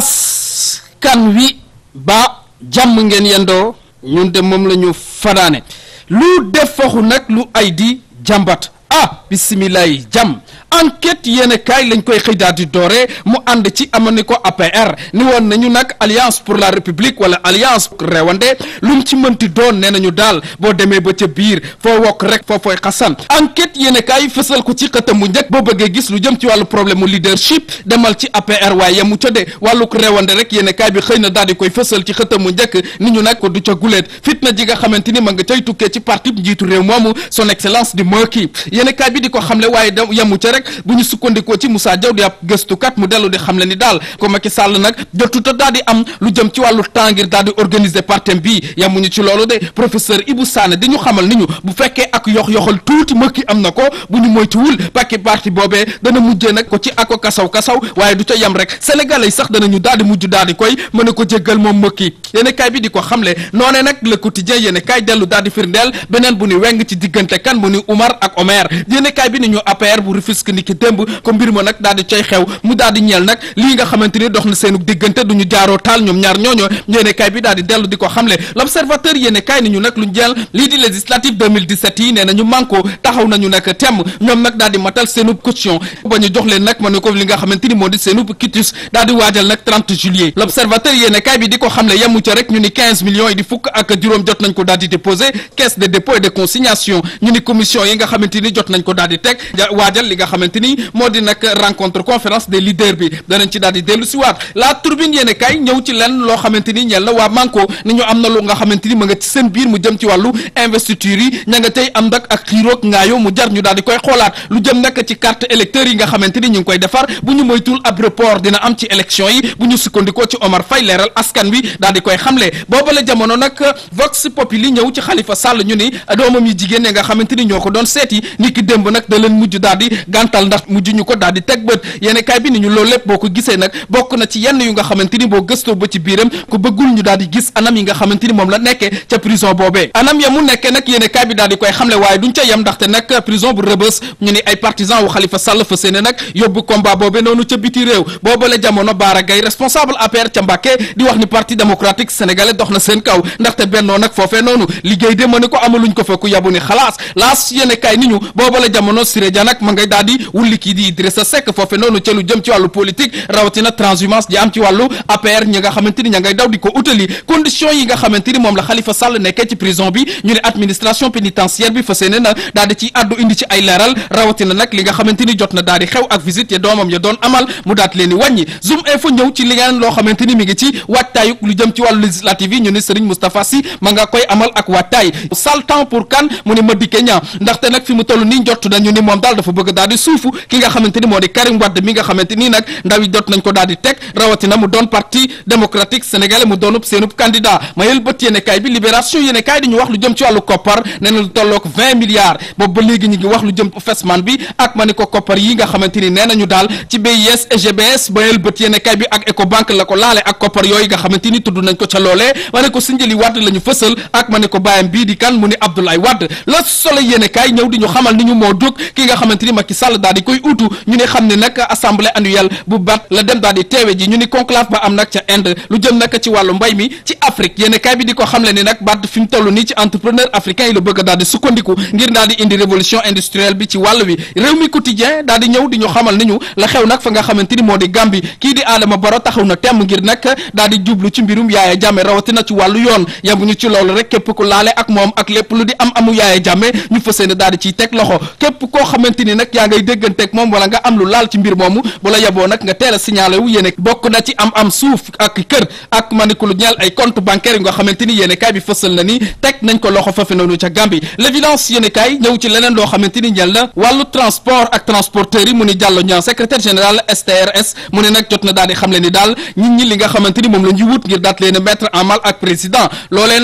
askan wi ba jàmm ngeen yendoo ñun de moom lañu ñu fanaane lu def faxu nag lu ay di jàmbat ah bisimilah jàmm enquête yéen a kaay lañ koy xëy daal di doore mu ànd ci amani ko APR ni woon nañu nag alliance pour la république wala alliance rewande lu mu ci mënti doon nee nañu daal boo demee ba ca biir foo wokk rek foo fooy xasan enquête yéen a kaay fësal ko ci xëtam mu njëkk boo bëggee gis lu jëm ci wàllu problème mu leadership demal ci APR waaye yemu ca de wàlluk rewande rek yéen a kaay bi xëy na daal di koy fësal ci xëtam bu njëkk ni ñu nag ko du ca guleet fitna ji nga xamante ni ma nga cay tukkee ci parti njiitu réew moomu son excellence di Macky yéen a kaay di ko xamle waaye yemu ca rek rek bu ñu sukkandikoo ci Moussa Diaw di ab gëstukat mu dellu di xam le ni daal ko Macky Sall nag jotuta daal am lu jëm ci wàllu temps ngir daal partem bi yamuñu ci loolu de professeur Ibou Sané di ñu xamal ni ñu bu fekkee ak yox-yoxal tuuti mëkki am na ko bu ñu moytuwul pakki parti boobee dana mujjee nag ko ci ako kasaw kasaw waaye du ca yem rek sénégalais sax danañu daal di mujj daal di koy mën a ko jéggal moom mëkki yéene kaay bi di ko xamle noonee nag le quotidien yéene ki ni ko mbir ma nag daal di xew mu daal ñeel nag lii nga xamante dox na seenu diggante duñu jaaroo taal ñoom ñaar ñooñoo yéene kaay bi daal dellu di ko xamle l'observateur yéene kaay bi di ko xamle yemu ca rek ñu ni 15 yi di fukk ak juróom jot nañ ko daal déposé caisse de dépôt de consignation ñu ni commission yi nga xamante ni jot nañ ko daal teg waajal li nga xam xamante ni moo di nag rencontre conférence des leaders bi danañ ci daal di dellu si waat la turbine yéene kay ñëw ci lenn loo xamante ni ñeel na waa manko ni ñu am na lu nga xamante ni ma nga ci seen biir mu jëm ci wàllu investiture yi ña nga tey am nag ak xiiroog ngaayoo mu jar ñu daal di koy xoolaat lu jëm nag ci carte électeurs yi nga xamante ni ñu ngi koy defar bu ñu moytul ab report dina am ci élection yi bu ñu sukkandikoo ci Omar fay leeral askan wi daal di koy xamle booba la jamono nag vox populi ñëw ci Khalifa Sall ñu ni doomam yi jigéen nga xamante ni ñoo ko doon seeti ni ki démb nag da leen mujj daal di gàntal ndax mujj ñu ko daal di teg bët yéene kaay bi ni ñu loolu boo ko gisee nag bokk na ci yenn yu nga xamante ni boo gëstoo ba ci biiram ku bëggul ñu daal di gis anam yi nga xamante moom la nekkee ca prison boobee anam ya mu nekkee nag yéene kaay bi daal di koy xamle waaye duñ ca yem ndaxte nag prison bu rëbës ñu ni ay partisan wu Xalifa Sàll fa séene nag yóbbu combat boobee noonu ca biti réew boobale jamono Baara Gaye responsable APR ca Mbàkke di wax ni parti démocratique sénégalais dox na seen kaw ndaxte bennoo nag foofee ko amaluñ ko fa ku yabu ni xalaas laas yéene kaay wulli kii di Idrissa Seck foofe noonu ca lu jëm ci wàllu politique rawatina transhumance ji am ci wàllu APR ñi nga xamante ña ngay daw di ko utali condition yi nga xamante moom la Khalifa Sall nekkee ci prison bi ñu ne administration pénitentiaire bi fas yéene na daal di ci addu indi ci ay leeral rawatina nag li nga xamante jot na daal di xew ak visite ya doomam ya doon amal mu daat leen di wàññi zoom info ñëw ci li ngeen loo xamante mi ngi ci suufu ki nga xamante ni moo di Karim Wade mi nga xamante nii nag ndaw yi jot nañ ko daal di teg rawatina mu doon parti démocratique sénégalais mu doonub seenub candidat mayel bët yéene kaay bi libération yéene kaay di ñu wax lu jëm ci wàllu koppar nee na lu tolloog 20 milliards boobu léegi ñu ngi wax lu jëm fesman bi ak ma ni ko koppar yi nga xamante ni nee daal ci BIS et GBS bët yéene bi ak Ecobank la ko laale ak koppar yooyu nga xamante la ñu fësal ak ma ne ko bàyyam bii di ni Abdoulaye Wade la solo yéene kaay ñëw di ñu xamal ni ñu moo jóg ki nga xamante ni Sall daal di koy utu ñu ne xam ne nag assemblée annuelle bu bat la dem daal teewe ji ñu ni conclave ba am nag ca Inde lu jëm nag ci wàllu mbay mi ci Afrique yéen kaay bi di ko xamle ni nag bat fi mu toll ci entrepreneur africain yi la bëgg daal di sukkandiku ngir daal di indi révolution industrielle bi ci wàll wi réew mi quotidien daal ñëw di ñu xamal ni la xew nag fa nga xamante moo di Gambie kii di Adama Barrow taxaw na temm ngir nag daal jublu ci mbirum ngay dégganteeg moom wala nga am lu laal ci mbir moomu bu la yeboo nga teel a signalé bokk na ci am am suuf ak kër ak maniku lu ay compte bancaire yu nga xamante ni bi fësal na ni teg nañ ko loxo fafe noonu ca Gambie l'évidence yéene ñëw ci leneen loo xamante ni na wàllu transport ak transporteurs yi mu ni Diallo Niang secrétaire général STRS mu ne nag jot na daal di moom la wut ngir daat leen mettre en mal ak président loolee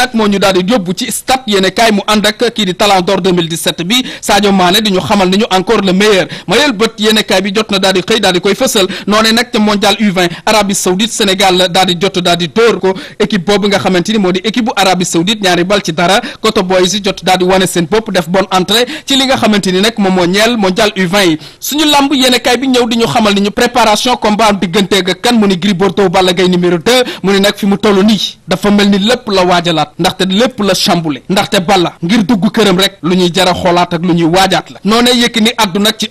Niger mayel bët yéenekaay bi jot na daal di xëy daal di koy fësal noonee nag te mondial U20 Arabie Saoudite Sénégal daal di jot daal di dóor ko équipe boobu nga xamante moo di équipe bu Arabie Saoudite ñaari bal ci dara Koto Boys yi jot daal di wane seen bopp def bonne entrée ci li nga xamante ni nag moom moo ñeel mondial U20 yi suñu lamb yéenekaay bi ñëw di ñu xamal ni ñu préparation combat diggante ak kan mu ni Gris Bordeaux Balla Gaye numéro 2 mu ni fi mu toll nii dafa mel ni lépp la waajalaat ndaxte lépp la chamboulé ndaxte Balla ngir dugg këram rek lu ñuy jara xoolaat ak lu ñuy waajaat la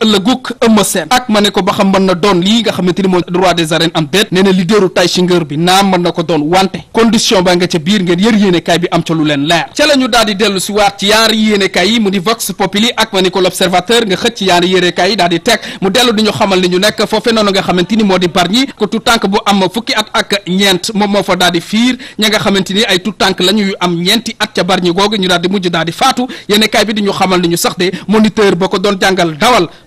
ëllëguk Eumeu Sène ak ma ne ko ba xam mën na doon lii nga xamante ni mooy droit des arènes am déet nee na leaderu tay shingeer bi naam mën na ko doon wante condition baa nga ca biir ngeen yër yéenekaay bi am ca lu leen leer ca la ñu daal di dellu si ci yaari yéenekaay yi mu di vox populi ak ma ne ko l'observateur nga xëcc yaari yéenekaay yi daal teg mu dellu di ñu xamal ni ñu nekk foofe noonu nga xamante moo di barñi ko tout tànk bu am fukki at ak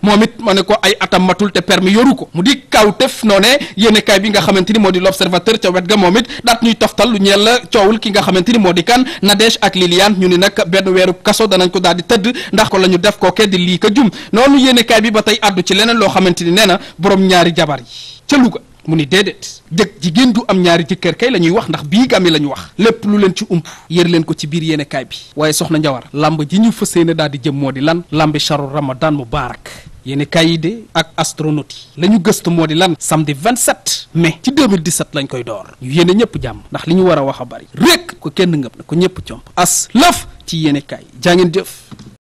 moom it ma ne ko ay atam matul te permis yoru ko mu di kawtef noo ne yéenekaay bi nga xamante ni moo di l'observateur ca wet ga moom it daat ñuy toftal lu ñeel coowul ki nga xamante ni moo di kan Nadège ak Liliane ñu ni nag benn weeru kaso danañ ko daal di tëdd ndax ko la ñu def ko di lii ka jum noonu yéenekaay bi ba tey addu ci leneen loo xamante ni nee borom ñaari jabar yi ca Louga mu ni déedéet jëg jigéen du am ñaari jëkkër kay la ñuy wax ndax bii gami la ñu wax lépp lu leen ci ump yër leen ko ci biir yéene bi waaye soxna Njawar lamb ji ñu fas yéene daal di jëm moo di lan lambi charu ramadan mubarak yéen kay yi de ak astronaute yi la ñu gëstu moo di lan samedi 27 mais ci 2017 lañ koy door ñu yéene ñëpp jàmm ndax li ñu war a wax a bari rek ko kenn ngëb na ko ñëpp comp as lëf ci yéene kay jaa ngeen jëf